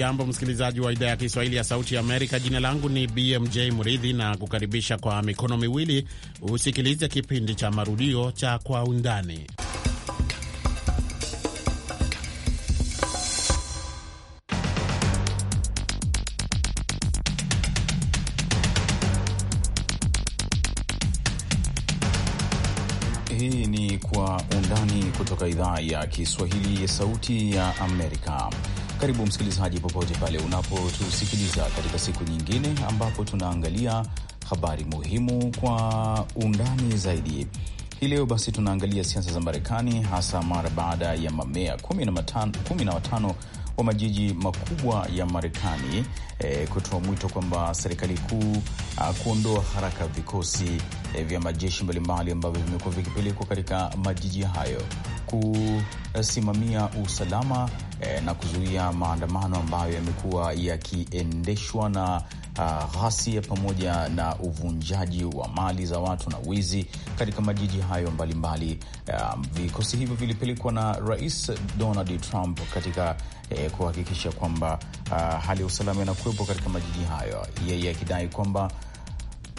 Hujambo msikilizaji wa idhaa ya Kiswahili ya Sauti ya Amerika. Jina langu ni BMJ Muridhi na kukaribisha kwa mikono miwili usikilize kipindi cha marudio cha Kwa Undani. Hii ni Kwa Undani kutoka idhaa ya Kiswahili ya Sauti ya Amerika. Karibu msikilizaji, popote pale unapotusikiliza katika siku nyingine ambapo tunaangalia habari muhimu kwa undani zaidi. Hii leo basi tunaangalia siasa za Marekani, hasa mara baada ya mamea kumi na watano wa majiji makubwa ya Marekani e, kutoa mwito kwamba serikali kuu kuondoa haraka vikosi e, vya majeshi mbalimbali ambavyo vimekuwa vikipelekwa katika majiji hayo kusimamia usalama eh, na kuzuia maandamano ambayo yamekuwa yakiendeshwa na ah, ghasia pamoja na uvunjaji wa mali za watu na wizi katika majiji hayo mbalimbali mbali. Ah, vikosi hivyo vilipelekwa na Rais Donald Trump katika eh, kuhakikisha kwamba uh, hali ya usalama inakuwepo katika majiji hayo, yeye akidai kwamba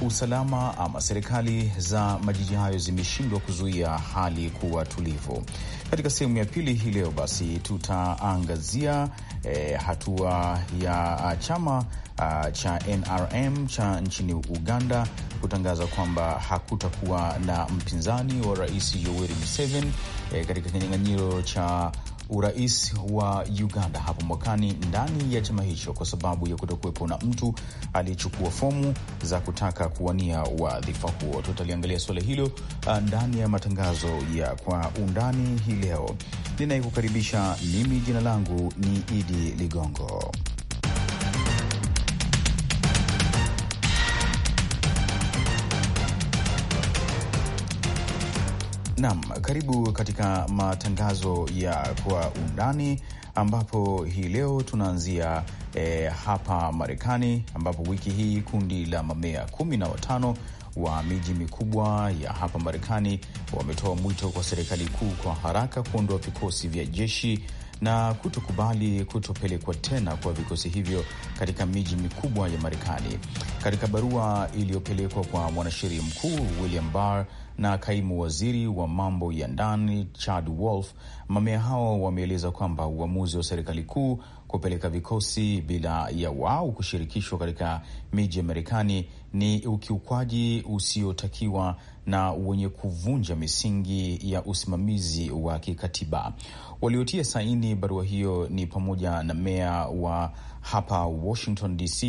usalama ama serikali za majiji hayo zimeshindwa kuzuia hali kuwa tulivu. Katika sehemu ya pili hii leo basi tutaangazia e, hatua ya ah, chama a, ah, cha NRM cha nchini Uganda kutangaza kwamba hakutakuwa na mpinzani wa Rais Yoweri Museveni e, katika kinyang'anyiro cha urais wa Uganda hapo mwakani ndani ya chama hicho kwa sababu ya kutokuwepo na mtu aliyechukua fomu za kutaka kuwania wadhifa huo. Tutaliangalia suala hilo uh, ndani ya matangazo ya Kwa Undani hii leo. Ninayekukaribisha mimi, jina langu ni Idi Ligongo. Naam, karibu katika matangazo ya kwa undani ambapo hii leo tunaanzia e, hapa Marekani ambapo wiki hii kundi la mamea kumi na watano wa miji mikubwa ya hapa Marekani wametoa mwito kwa serikali kuu kwa haraka kuondoa vikosi vya jeshi na kutokubali kutopelekwa tena kwa vikosi hivyo katika miji mikubwa ya Marekani. Katika barua iliyopelekwa kwa mwanasheria mkuu William Barr na kaimu waziri wa mambo ya ndani Chad Wolf, mamea hao wameeleza kwamba uamuzi wa serikali kuu kupeleka vikosi bila ya wao kushirikishwa katika miji ya Marekani ni ukiukwaji usiotakiwa na wenye kuvunja misingi ya usimamizi wa kikatiba. Waliotia saini barua hiyo ni pamoja na meya wa hapa Washington DC,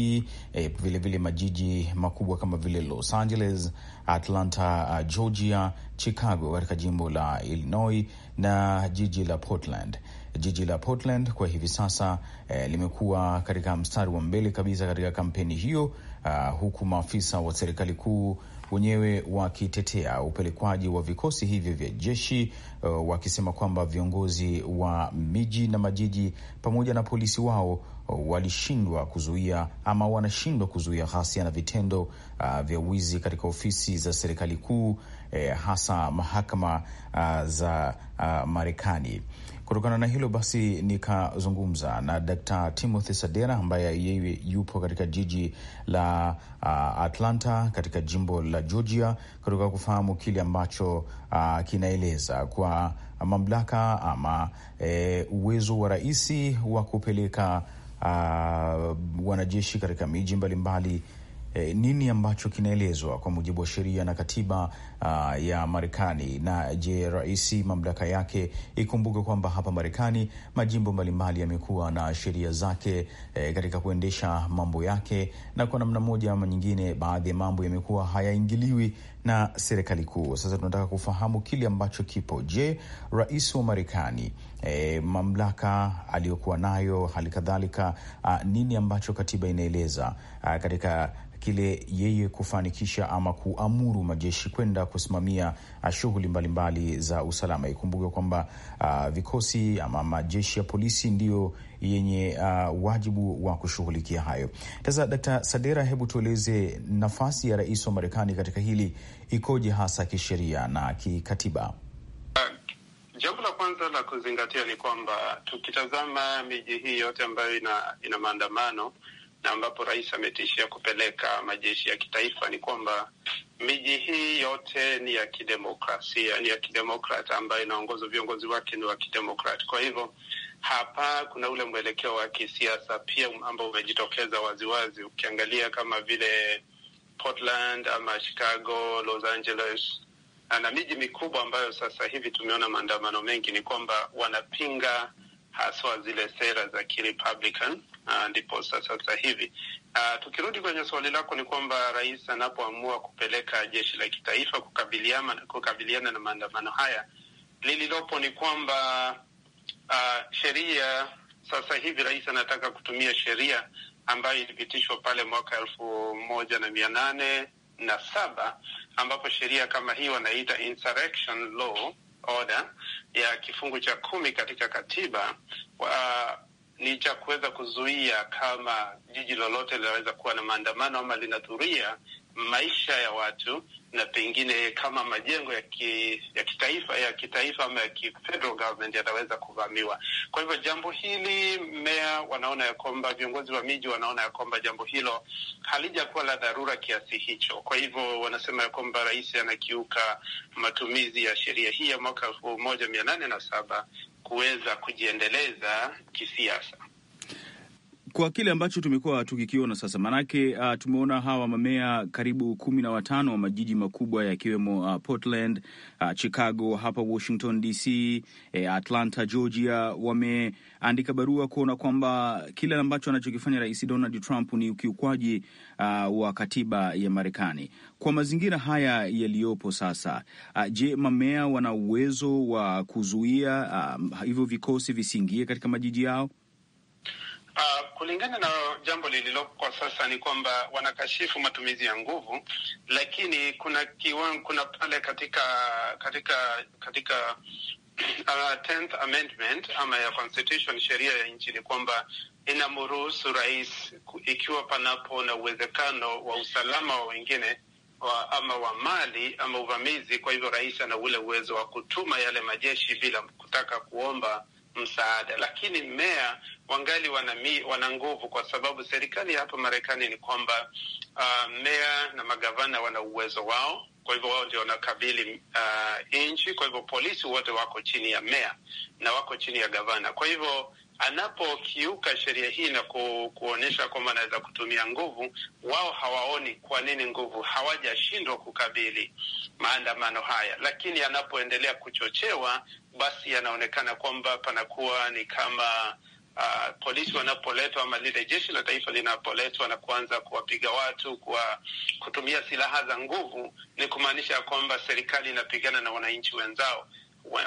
eh, vilevile majiji makubwa kama vile Los Angeles, Atlanta, uh, Georgia, Chicago katika jimbo la Illinois na jiji la Portland. Jiji la Portland kwa hivi sasa eh, limekuwa katika mstari wa mbele kabisa katika kampeni hiyo, uh, huku maafisa wa serikali kuu wenyewe wakitetea upelekwaji wa vikosi hivyo vya jeshi uh, wakisema kwamba viongozi wa miji na majiji pamoja na polisi wao uh, walishindwa kuzuia ama wanashindwa kuzuia ghasia na vitendo uh, vya wizi katika ofisi za serikali kuu eh, hasa mahakama uh, za uh, Marekani. Kutokana na hilo basi, nikazungumza na Dkt. Timothy Sadera ambaye yeye yupo katika jiji la uh, Atlanta katika jimbo la Georgia, kutoka kufahamu kile ambacho uh, kinaeleza kwa mamlaka ama e, uwezo wa rais wa kupeleka uh, wanajeshi katika miji mbalimbali mbali e, nini ambacho kinaelezwa kwa mujibu wa sheria na katiba uh, ya Marekani? Na je, rais mamlaka yake? Ikumbuke kwamba hapa Marekani majimbo mbalimbali yamekuwa na sheria zake e, katika kuendesha mambo yake, na kwa namna moja ama nyingine, baadhi ya mambo yamekuwa hayaingiliwi na serikali kuu. Sasa tunataka kufahamu kile ambacho kipo. Je, rais wa Marekani e, mamlaka aliyokuwa nayo hali kadhalika, ah, nini ambacho katiba inaeleza a, ah, katika kile yeye kufanikisha ama kuamuru majeshi kwenda kusimamia ah, shughuli mbalimbali za usalama. Ikumbuke kwamba uh, vikosi ama majeshi ya polisi ndiyo yenye uh, wajibu wa kushughulikia hayo. Sasa Dkt. Sadera, hebu tueleze nafasi ya rais wa Marekani katika hili ikoje, hasa kisheria na kikatiba? Jambo la kwanza la kuzingatia ni kwamba tukitazama miji hii yote ambayo ina, ina maandamano na ambapo rais ametishia kupeleka majeshi ya kitaifa, ni kwamba miji hii yote ni ya kidemokrasia, ni ya kidemokrat ambayo inaongozwa, viongozi wake ni wa kidemokrat. Kwa hivyo hapa kuna ule mwelekeo wa kisiasa pia ambao umejitokeza waziwazi, ukiangalia kama vile Portland ama Chicago, Los Angeles na miji mikubwa ambayo sasa hivi tumeona maandamano mengi, ni kwamba wanapinga haswa zile sera za Kirepublican ndipo sasa hivi. uh, tukirudi kwenye swali lako ni kwamba rais anapoamua kupeleka jeshi la kitaifa kukabiliana, kukabiliana na maandamano haya, lililopo ni kwamba uh, sheria sasa hivi rais anataka kutumia sheria ambayo ilipitishwa pale mwaka elfu moja na mia nane na saba ambapo sheria kama hii wanaita insurrection law oda ya kifungu cha kumi katika katiba wa, ni cha kuweza kuzuia kama jiji lolote linaweza kuwa na maandamano ama linadhuria maisha ya watu na pengine kama majengo ya, ki, ya kitaifa ya kitaifa ama ya ki federal government yataweza kuvamiwa. Kwa hivyo jambo hili meya wanaona ya kwamba viongozi wa miji wanaona ya kwamba jambo hilo halijakuwa la dharura kiasi hicho. Kwa hivyo wanasema ya kwamba rais anakiuka matumizi ya sheria hii ya mwaka elfu moja mia nane na saba kuweza kujiendeleza kisiasa kwa kile ambacho tumekuwa tukikiona sasa, maanake uh, tumeona hawa mamea karibu kumi na watano wa majiji makubwa yakiwemo uh, Portland, uh, Chicago, hapa Washington DC, eh, Atlanta, Georgia, wameandika barua kuona kwamba kile ambacho anachokifanya Rais Donald Trump ni ukiukwaji uh, wa katiba ya Marekani. Kwa mazingira haya yaliyopo sasa, uh, je, mamea wana uwezo wa kuzuia uh, hivyo vikosi visiingie katika majiji yao? Uh, kulingana na jambo lililopo kwa sasa ni kwamba wanakashifu matumizi ya nguvu, lakini kuna kiwango, kuna pale katika katika katika uh, tenth amendment ama ya constitution, sheria ya nchi ni kwamba inamruhusu rais ikiwa panapo na uwezekano wa usalama wa wengine wa, ama wa mali ama uvamizi. Kwa hivyo rais ana ule uwezo wa kutuma yale majeshi bila kutaka kuomba msaada, lakini mmea wangali wana, wana nguvu kwa sababu serikali hapa Marekani ni kwamba mmea uh, na magavana wana uwezo wao kwa hivyo wao ndio wanakabili uh, nchi. Kwa hivyo polisi wote wako chini ya meya na wako chini ya gavana. Kwa hivyo anapokiuka sheria hii na ku, kuonyesha kwamba anaweza kutumia nguvu, wao hawaoni kwa nini nguvu, hawajashindwa kukabili maandamano haya, lakini anapoendelea kuchochewa basi yanaonekana kwamba panakuwa ni kama Uh, polisi wanapoletwa ama lile jeshi la taifa linapoletwa na kuanza kuwapiga watu kwa kutumia silaha za nguvu, ni kumaanisha kwamba serikali inapigana na wananchi wenzao,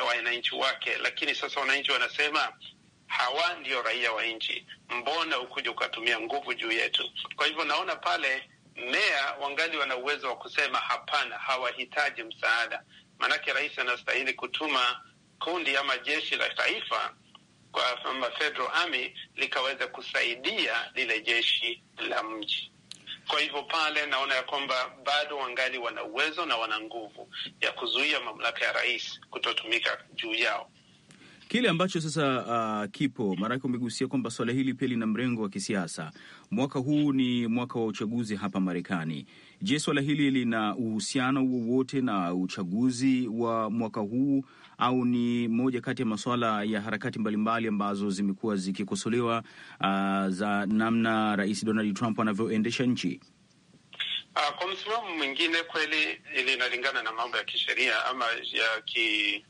wananchi wake. Lakini sasa wananchi wanasema hawa ndio raia wa nchi, mbona ukuja ukatumia nguvu juu yetu? Kwa hivyo naona pale meya wangali wana uwezo wa kusema hapana, hawahitaji msaada, maanake rais anastahili kutuma kundi ama jeshi la taifa kwa kwamba Federal Army likaweza kusaidia lile jeshi la mji. Kwa hivyo pale naona ya kwamba bado wangali wana uwezo na wana nguvu ya kuzuia mamlaka ya rais kutotumika juu yao. Kile ambacho sasa uh, kipo maanake, umegusia kwamba swala hili pia lina mrengo wa kisiasa. Mwaka huu ni mwaka wa uchaguzi hapa Marekani. Je, swala hili lina uhusiano wowote na uchaguzi wa mwaka huu au ni moja kati ya masuala ya harakati mbalimbali ambazo zimekuwa zikikosolewa uh, za namna Rais Donald Trump anavyoendesha nchi? Uh, kwa msimamo mwingine kweli linalingana na mambo ya kisheria ama ya ki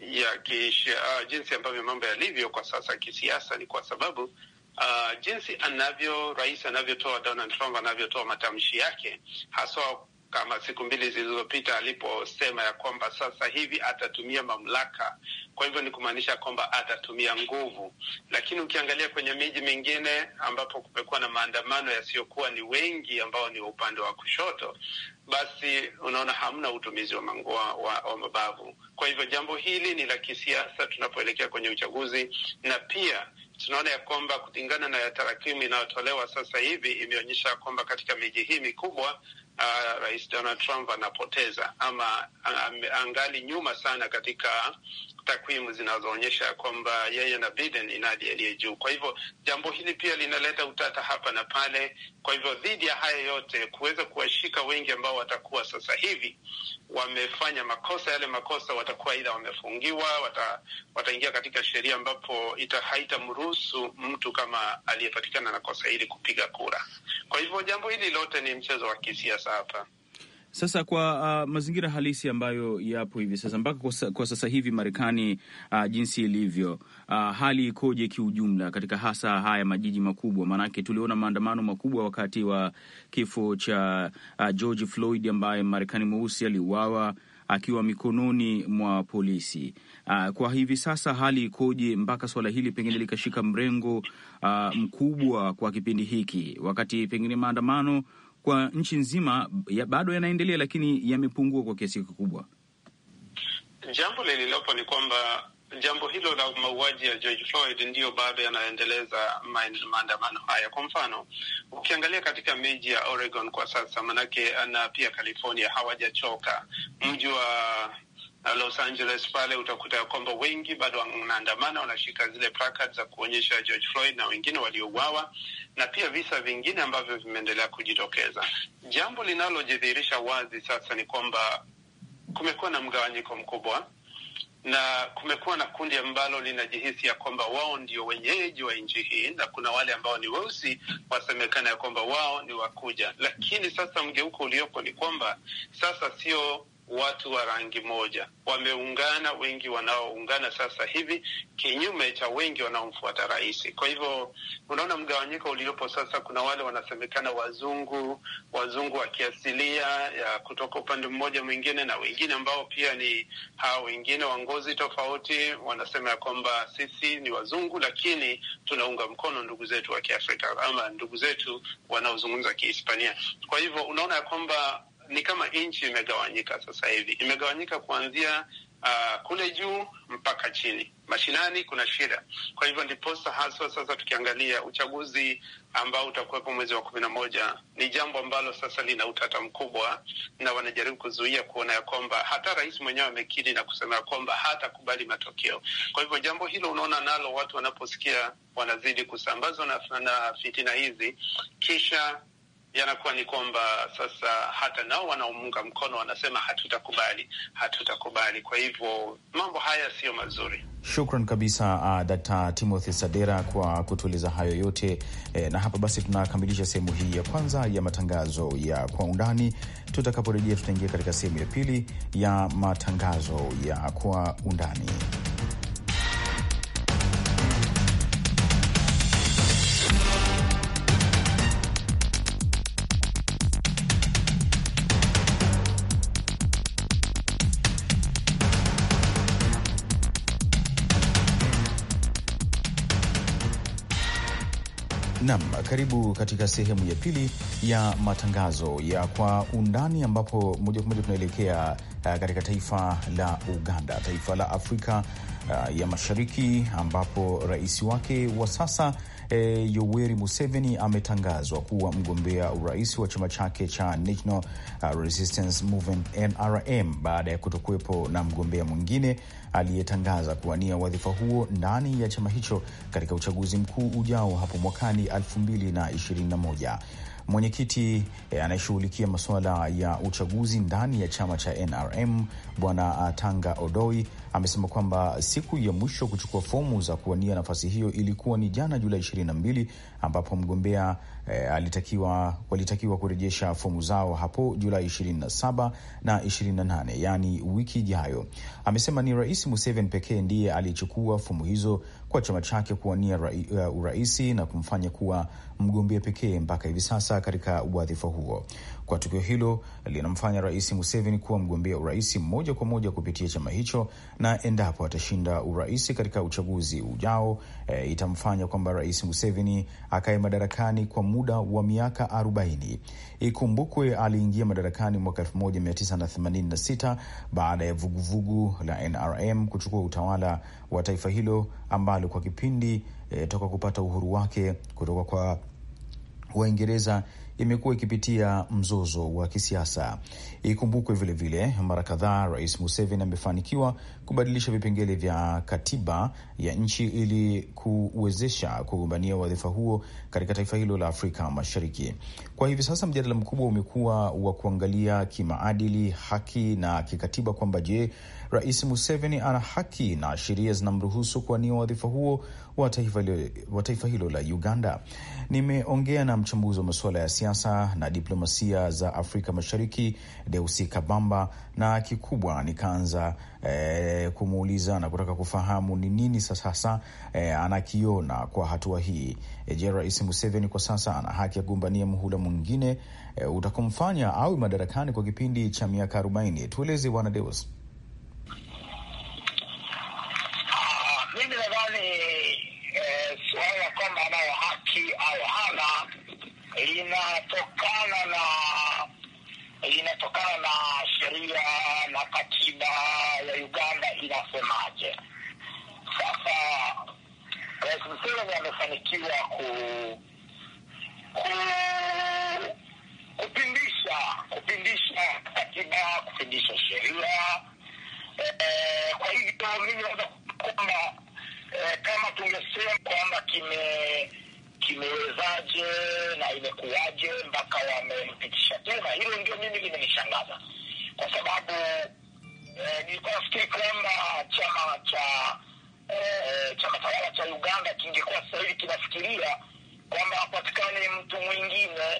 ya kishi, uh, jinsi ambavyo mambo yalivyo kwa sasa kisiasa ni kwa sababu uh, jinsi anavyo rais anavyotoa Donald Trump anavyotoa matamshi yake haswa kama siku mbili zilizopita aliposema ya kwamba sasa hivi atatumia mamlaka. Kwa hivyo ni kumaanisha kwamba atatumia nguvu, lakini ukiangalia kwenye miji mingine ambapo kumekuwa na maandamano yasiyokuwa ni wengi ambao ni wa upande wa kushoto, basi unaona hamna utumizi wa, mangua wa, wa mabavu. Kwa hivyo jambo hili ni la kisiasa tunapoelekea kwenye uchaguzi, na pia tunaona ya kwamba kulingana na tarakimu inayotolewa sasa hivi imeonyesha kwamba katika miji hii mikubwa uh, Rais Donald Trump anapoteza ama angali nyuma sana katika takwimu zinazoonyesha kwamba yeye na Biden inadi aliye juu. Kwa hivyo jambo hili pia linaleta utata hapa na pale. Kwa hivyo dhidi ya haya yote, kuweza kuwashika wengi ambao watakuwa sasa hivi wamefanya makosa yale makosa, watakuwa aidha wamefungiwa, wata, wataingia katika sheria ambapo haitamruhusu mtu kama aliyepatikana na kosa hili kupiga kura. Kwa hivyo jambo hili lote ni mchezo wa kisiasa sasa hapa. Sasa kwa uh, mazingira halisi ambayo yapo hivi sasa mpaka kwa, kwa sasa hivi Marekani uh, jinsi ilivyo uh, hali ikoje kiujumla katika hasa haya majiji makubwa? Maanake tuliona maandamano makubwa wakati wa kifo cha uh, George Floyd ambaye Marekani mweusi aliuawa akiwa mikononi mwa polisi. Uh, kwa hivi sasa hali ikoje mpaka suala hili pengine likashika mrengo uh, mkubwa kwa kipindi hiki, wakati pengine maandamano kwa nchi nzima ya bado yanaendelea, lakini yamepungua kwa kiasi kikubwa. Jambo lililopo ni kwamba jambo hilo la mauaji ya George Floyd ndiyo bado yanaendeleza maandamano haya. Kwa mfano, ukiangalia katika miji ya Oregon kwa sasa, manake na pia California, hawajachoka mji wa na uh, Los Angeles pale utakuta ya kwamba wengi bado wanaandamana, wanashika zile placards za kuonyesha George Floyd na wengine waliouawa, na pia visa vingine ambavyo vimeendelea kujitokeza. Jambo linalojidhihirisha wazi sasa ni kwamba kumekuwa na mgawanyiko mkubwa na kumekuwa na kundi ambalo linajihisi ya kwamba wao ndio wenyeji wa nchi hii, na kuna wale ambao ni weusi wasemekana ya kwamba wao ni wakuja. Lakini sasa mgeuko uliopo ni kwamba sasa sio watu wa rangi moja wameungana, wengi wanaoungana sasa hivi, kinyume cha wengi wanaomfuata rais. Kwa hivyo unaona mgawanyiko uliopo sasa. Kuna wale wanasemekana wazungu, wazungu wa kiasilia ya kutoka upande mmoja mwingine, na wengine ambao pia ni hawa wengine wa ngozi tofauti, wanasema ya kwamba sisi ni wazungu, lakini tunaunga mkono ndugu zetu wa Kiafrika ama ndugu zetu wanaozungumza Kihispania. Kwa hivyo unaona ya kwamba ni kama nchi imegawanyika sasa hivi, imegawanyika kuanzia uh, kule juu mpaka chini mashinani, kuna shida. Kwa hivyo ndiposa haswa sasa tukiangalia uchaguzi ambao utakuwepo mwezi wa kumi na moja, ni jambo ambalo sasa lina utata mkubwa, na wanajaribu kuzuia kuona ya kwamba hata rais mwenyewe amekiri na kusema ya kwamba hatakubali matokeo. Kwa hivyo jambo hilo unaona nalo watu wanaposikia wanazidi kusambazwa na, na fitina hizi kisha yanakuwa ni kwamba sasa hata nao wanaomunga mkono wanasema hatutakubali, hatutakubali. Kwa hivyo mambo haya siyo mazuri. Shukran kabisa, uh, Dkt. Timothy Sadera kwa kutueleza hayo yote eh, na hapa basi tunakamilisha sehemu hii ya kwanza ya matangazo ya kwa undani. Tutakaporejea tutaingia katika sehemu ya pili ya matangazo ya kwa undani. Nam, karibu katika sehemu ya pili ya matangazo ya kwa undani, ambapo moja kwa moja tunaelekea uh, katika taifa la Uganda, taifa la Afrika uh, ya Mashariki, ambapo rais wake wa sasa e, Yoweri Museveni ametangazwa kuwa mgombea urais wa chama chake cha National uh, Resistance Movement NRM baada ya kutokuwepo na mgombea mwingine aliyetangaza kuwania wadhifa huo ndani ya chama hicho katika uchaguzi mkuu ujao hapo mwakani 2021. Mwenyekiti eh, anayeshughulikia masuala ya uchaguzi ndani ya chama cha NRM Bwana ah, Tanga Odoi amesema kwamba siku ya mwisho kuchukua fomu za kuwania nafasi hiyo ilikuwa ni jana Julai 22 ambapo mgombea e, alitakiwa walitakiwa kurejesha fomu zao hapo Julai 27 na 28, yaani wiki ijayo. Amesema ni Rais Museveni pekee ndiye aliyechukua fomu hizo kwa chama chake kuwania eh, uraisi na kumfanya kuwa mgombea pekee mpaka hivi sasa katika wadhifa huo. Kwa tukio hilo linamfanya Rais Museveni kuwa mgombea urais moja kwa moja kupitia chama hicho, na endapo atashinda urais katika uchaguzi ujao, e, itamfanya kwamba Rais Museveni akae madarakani kwa muda wa miaka 40. Ikumbukwe aliingia madarakani mwaka 1986 baada ya vuguvugu la NRM kuchukua utawala wa taifa hilo ambalo kwa kipindi e, toka kupata uhuru wake kutoka kwa Waingereza imekuwa ikipitia mzozo wa kisiasa. Ikumbukwe vilevile, mara kadhaa Rais Museveni amefanikiwa kubadilisha vipengele vya katiba ya nchi ili kuwezesha kugombania wadhifa huo katika taifa hilo la Afrika Mashariki. Kwa hivi sasa mjadala mkubwa umekuwa wa kuangalia kimaadili, haki na kikatiba kwamba je, Rais Museveni ana haki na sheria zinamruhusu kuwania wadhifa huo wa taifa hilo la Uganda? Nimeongea na mchambuzi wa masuala ya siasa siasa na diplomasia za Afrika Mashariki, Deusi Kabamba, na kikubwa nikaanza e, kumuuliza na kutaka kufahamu ni nini sasa e, anakiona kwa hatua hii. E, je, Rais Museveni kwa sasa ana haki ya kugombania muhula mwingine e, utakomfanya awe madarakani kwa kipindi cha miaka arobaini? Tueleze Bwana Deus. Ah, mimi nadhani suala kwamba anayo haki au hana linatokana na linatokana na sheria na katiba ya Uganda inasemaje? Sasa Rais Museveni amefanikiwa ku, ku kupindisha kupindisha katiba kupindisha sheria e, kwa hivyo mimi naweza kwamba e, kama tungesema kwamba kime kimewezaje na imekuwaje mpaka wamempitisha tena? Hilo ndio mimi limenishangaza kwa sababu eh, nilikuwa nafikiri kwamba chama cha eh, chama tawala cha Uganda kingekuwa sasa hivi kinafikiria kwamba apatikane mtu mwingine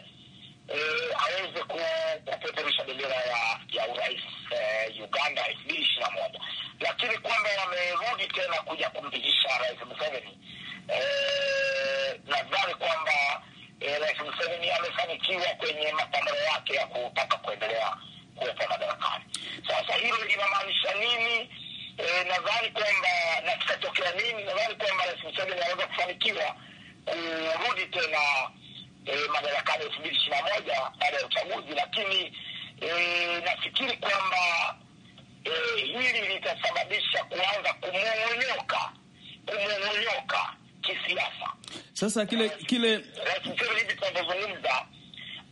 eh, aweze kupeperusha bendera ya, ya urais eh, Uganda elfu mbili ishirini na moja, lakini kwamba wamerudi tena kuja kumpitisha Rais Museveni na kuendelea kuwepo madarakani. Sasa hilo linamaanisha nini? E, nadhani kwamba na kitatokea nini? Nadhani kwamba Rais Museveni anaweza kufanikiwa mm, kurudi tena e, madarakani elfu mbili ishirini na moja baada ya uchaguzi, lakini e, nafikiri kwamba e, hili litasababisha kuanza kumong'onyoka kumong'onyoka kisiasa. Sasa kile kile Rais Museveni hivi tunavyozungumza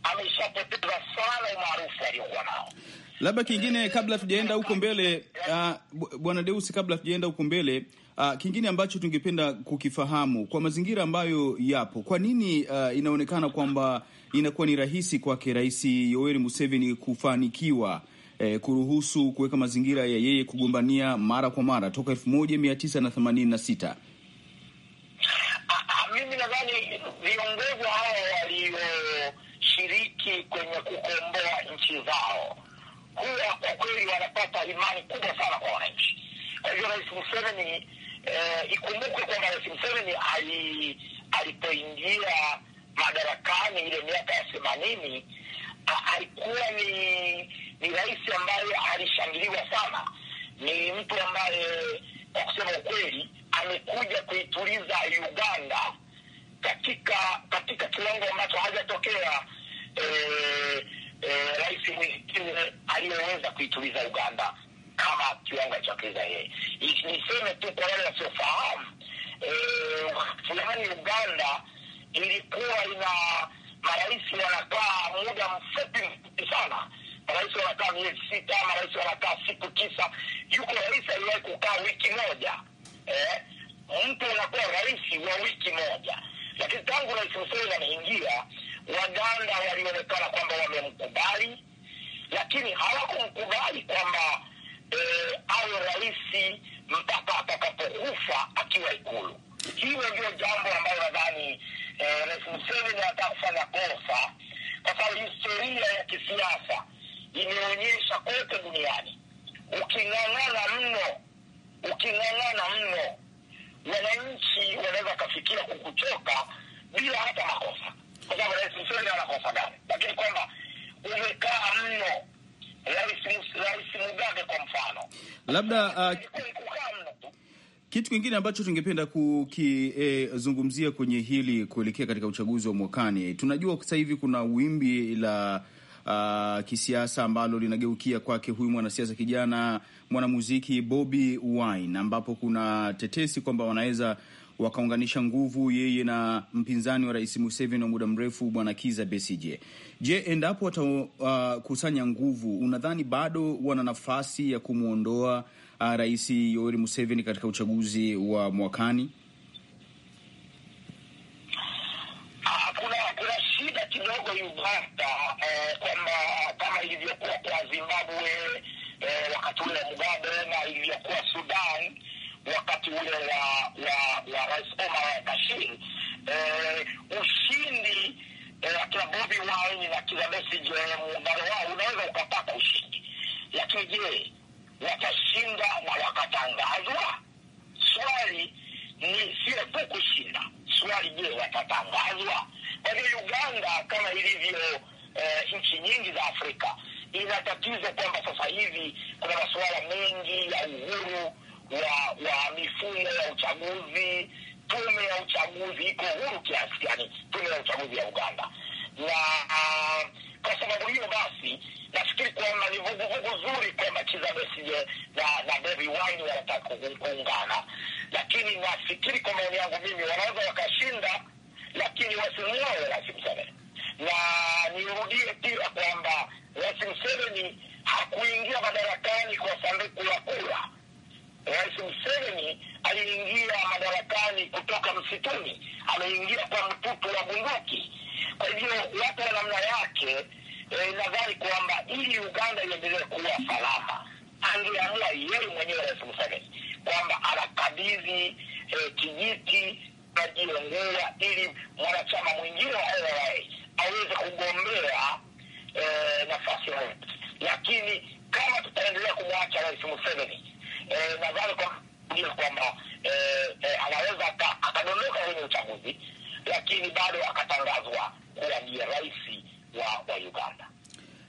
ameshapoteza wala umaarufu aliyokuwa nao. Labda kingine kabla tujaenda huko mbele, uh, bwana Deusi, kabla tujaenda huko mbele uh, kingine ambacho tungependa kukifahamu kwa mazingira ambayo yapo, kwa nini uh, inaonekana kwamba inakuwa ni rahisi kwake Rais Yoweri Museveni kufanikiwa eh, kuruhusu kuweka mazingira ya yeye kugombania mara kwa mara toka elfu moja mia tisa na themanini na sita. Mimi nadhani viongozi wa wanashiriki kwenye kukomboa nchi zao, huwa kwa kweli wanapata imani kubwa sana kwa wananchi. Kwa hivyo Rais Museveni eh, ikumbukwe kwamba Rais Museveni ali, alipoingia madarakani ile miaka ya themanini alikuwa ni, ni rais ambaye alishangiliwa sana. Ni mtu ambaye kwa kusema ukweli amekuja kuituliza Uganda katika katika kiwango ambacho hajatokea eh, eh, rais mwingine aliyeweza kuituliza Uganda kama kiwanga cha pesa yeye. Niseme tu kwa wale wasiofahamu, eh, fulani Uganda ilikuwa ina marais wanakaa muda mfupi mfupi sana marais wanakaa miezi sita, marais wanakaa siku tisa. Yuko rais aliwahi kukaa wiki moja eh? Mtu anakuwa rais wa wiki moja, lakini tangu rais Museveni anaingia Waganda walionekana kwamba wamemkubali, lakini hawakumkubali kwamba e, awe rais mpaka atakapokufa akiwa Ikulu. Hilo ndio jambo ambayo nadhani e, Rais Museveni anataka kufanya kosa, kwa sababu historia ya kisiasa imeonyesha kote duniani, uking'ang'ana mno, uking'ang'ana mno, wananchi wanaweza wakafikia kukuchoka bila hata makosa. Rais Museveni gani, lakini kwamba umekaa mno Rais Mugabe kwa mfano, labda uh, kitu kingine ambacho tungependa kukizungumzia e, kwenye hili kuelekea katika uchaguzi wa mwakani, tunajua sasa hivi kuna wimbi la uh, kisiasa ambalo linageukia kwake huyu mwanasiasa kijana mwanamuziki Bobi Wine, ambapo kuna tetesi kwamba wanaweza wakaunganisha nguvu, yeye na mpinzani wa rais Museveni wa muda mrefu bwana Kiza Besije. Je, endapo watakusanya uh, nguvu, unadhani bado wana nafasi ya kumwondoa uh, rais Yoweri Museveni katika uchaguzi wa mwakani? wakati ule wa wa, wa Rais Omar bashir eh, ushindi eh, akina Bobi Wine na akina Besigye muungano wao unaweza ukapata ushindi, lakini je, watashinda na wakatangazwa? Swali ni sio tu kushinda, swali je, watatangazwa? Kwa hiyo Uganda kama ilivyo eh, nchi nyingi za Afrika ina tatizo kwamba sasa hivi kuna masuala mengi ya uhuru wa wa mifumo ya uchaguzi. Tume ya uchaguzi iko huru kiasi gani? Tume ya uchaguzi ya Uganda na uh, kwa sababu hiyo basi nafikiri kuona ni vuguvugu zuri kwamba Kizza besije na, na Bobi wani wanataka kuungana, lakini nafikiri kwa maoni yangu mimi wanaweza wakashinda, lakini wasimwawe Rais Na nirudie pia kwamba Rais hakuingia madarakani kwa sanduku ya kura. Rais Museveni aliingia madarakani kutoka msituni, ameingia kwa mtutu wa bunduki. Kwa hivyo watu wa namna yake eh, nadhani kwamba ili Uganda iendelee kuwa salama, angeamua yeye mwenyewe Rais Museveni kwamba anakabidhi eh, kijiti najiongea ili mwanachama mwingine wa RA aweze kugombea eh, nafasi ya, lakini kama tutaendelea kumwacha Rais Museveni Eh, kwamba eh, eh, anaweza akadondoka kwenye uchaguzi, lakini bado akatangazwa kuwa ndiye rais wa, wa Uganda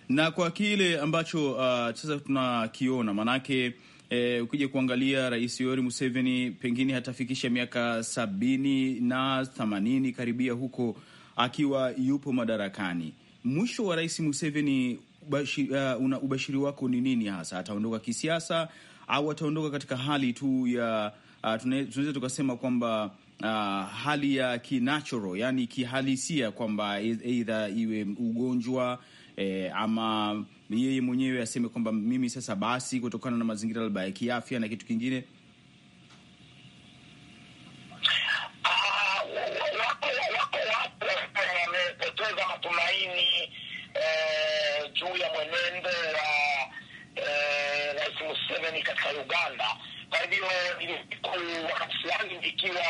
na kwa kile ambacho uh, sasa tunakiona maanake Eh, ukija kuangalia Rais Yoweri Museveni pengine hatafikisha miaka sabini na themanini karibia huko akiwa yupo madarakani. Mwisho wa Rais Museveni ubashiri, uh, una ubashiri wako ni nini hasa? Ataondoka kisiasa au wataondoka katika hali tu ya uh, tunaweza tukasema kwamba Uh, hali ya kinatural yani kihalisia kwamba e, eidha iwe ugonjwa eh, ama yeye mwenyewe aseme kwamba mimi sasa basi, kutokana na mazingira labda ya kiafya na kitu kingine, vikuu wakati fulani vikiwa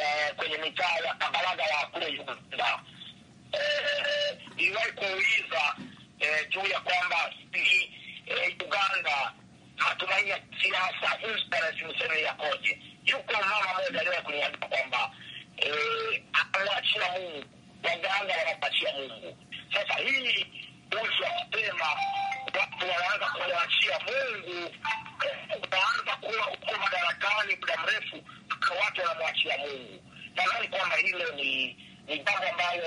eh, kwenye mitaa ya Kambarage ya kule Uganda. Niliwahi kuuliza juu ya kwamba Uganda matumaini siasa Rais Museveni yakoje. Yuko mama moja aliwahi kuniambia kwamba eh, Mungu, Waganda wanamwachia Mungu. Sasa hii uliwapema wanaanza kumwachia Mungu, unaanza kuwa uko madarakani muda mrefu, watu wanamwachia Mungu. Nadhani kwamba hilo ni ni jambo ambalo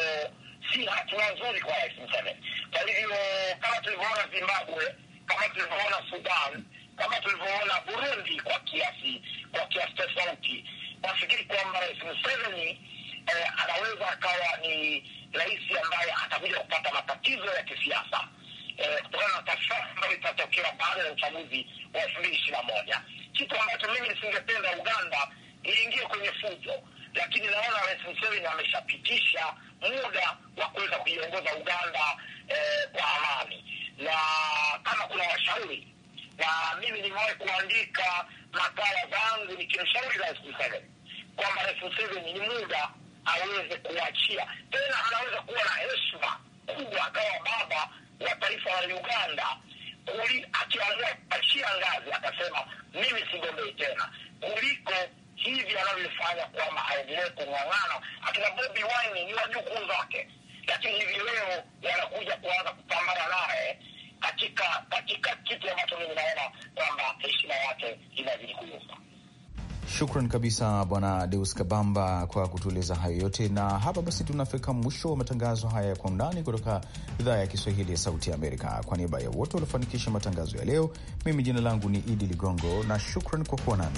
si hatua nzuri kwa Rais Museveni. Kwa hivyo kama tulivyoona Zimbabwe, kama tulivyoona Sudan, kama tulivyoona Burundi kwa kiasi kwa kiasi tofauti, nafikiri kwamba Rais Museveni eh, anaweza akawa ni rais ambaye atakuja kupata matatizo ya kisiasa Eh, kutokana na tafaa ambayo itatokea baada ya uchaguzi wa elfu mbili ishirini na moja kitu ambacho mimi singependa Uganda iingie kwenye fujo, lakini naona Rais Museveni ameshapitisha muda wa kuweza kuiongoza Uganda eh, kwa amani, na kama kuna washauri, na mimi nimewahi kuandika makala zangu nikimshauri Rais Museveni kwamba Rais Museveni ni muda aweze kuachia tena, anaweza kuwa na heshima kubwa akawa baba wa taifa la Uganda akiachia ngazi akasema mimi sigombei tena, kuliko hivi anavyofanya kwamba aendelee kung'ang'ana. Akina Bobi Wine ni wajukuu zake, lakini hivi leo wanakuja kuanza kupambana naye katika katika kitu ambacho mimi naona kwamba heshima yake inazidi kuyumba. Shukran kabisa Bwana Deus Kabamba kwa kutueleza hayo yote, na hapa basi tunafika mwisho wa matangazo haya ya Kwa Undani kutoka idhaa ya Kiswahili ya Sauti ya Amerika. Kwa niaba ya wote waliofanikisha matangazo ya leo, mimi jina langu ni Idi Ligongo na shukran kwa kuwa nami.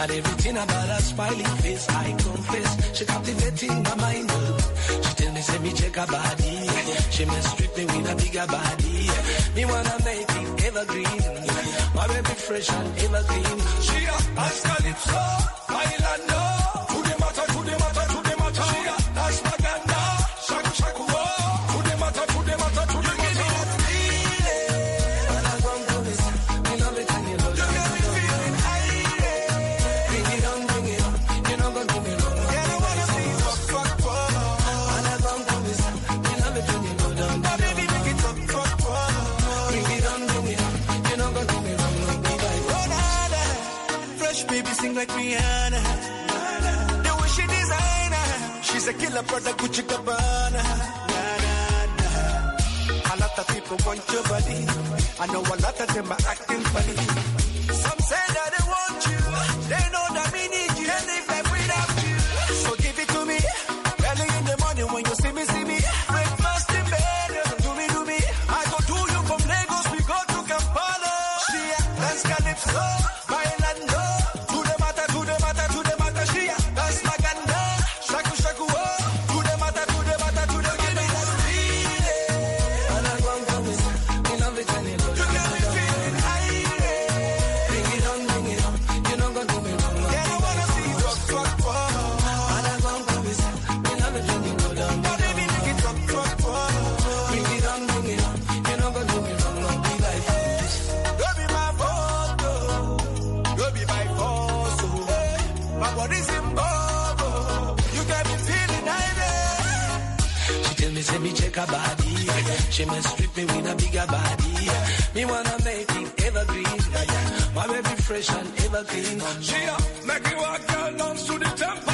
And everything about her smiling face, I confess. She captivating my mind. She tell me, say me check her body. She must strip me with a bigger body. Me wanna make it evergreen. My baby fresh and evergreen. She a as calypso, island napata kuchikabana halata people want your body I acting funny yeah. Me wanna make it evergreen, yeah, yeah. My baby fresh and evergreen. She yeah, uh, make me walk down to the temple.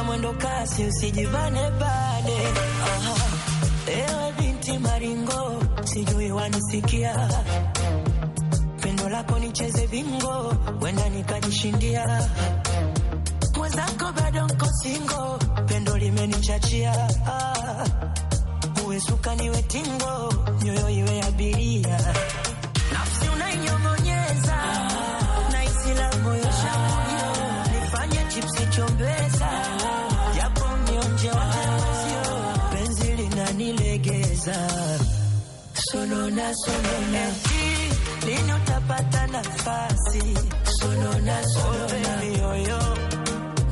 na mwendo kasi, usijivane bade. Aha, ewe binti maringo, sijui wanisikia, pendo lako nicheze bingo, wenda nikajishindia mwenzako, bado nko singo, pendo limenichachia ah, uwe suka niwe tingo, nyoyo iwe abiria, nafsi ah, na ah, nifanye chipsi Sonona, sonona. En ti, lini utapata nafasi. Sonona, sonona.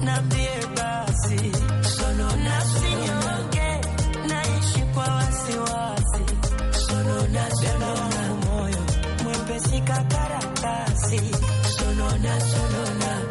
na mbie basi. Sonona, naishi kwa wasiwasi. Sonona, sonona. Moyo mwepesi kakaratasi. Sonona, sonona.